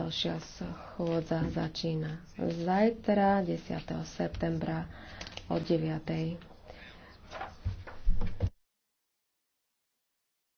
Ďalšia schôdza začína zajtra, 10. septembra o 9.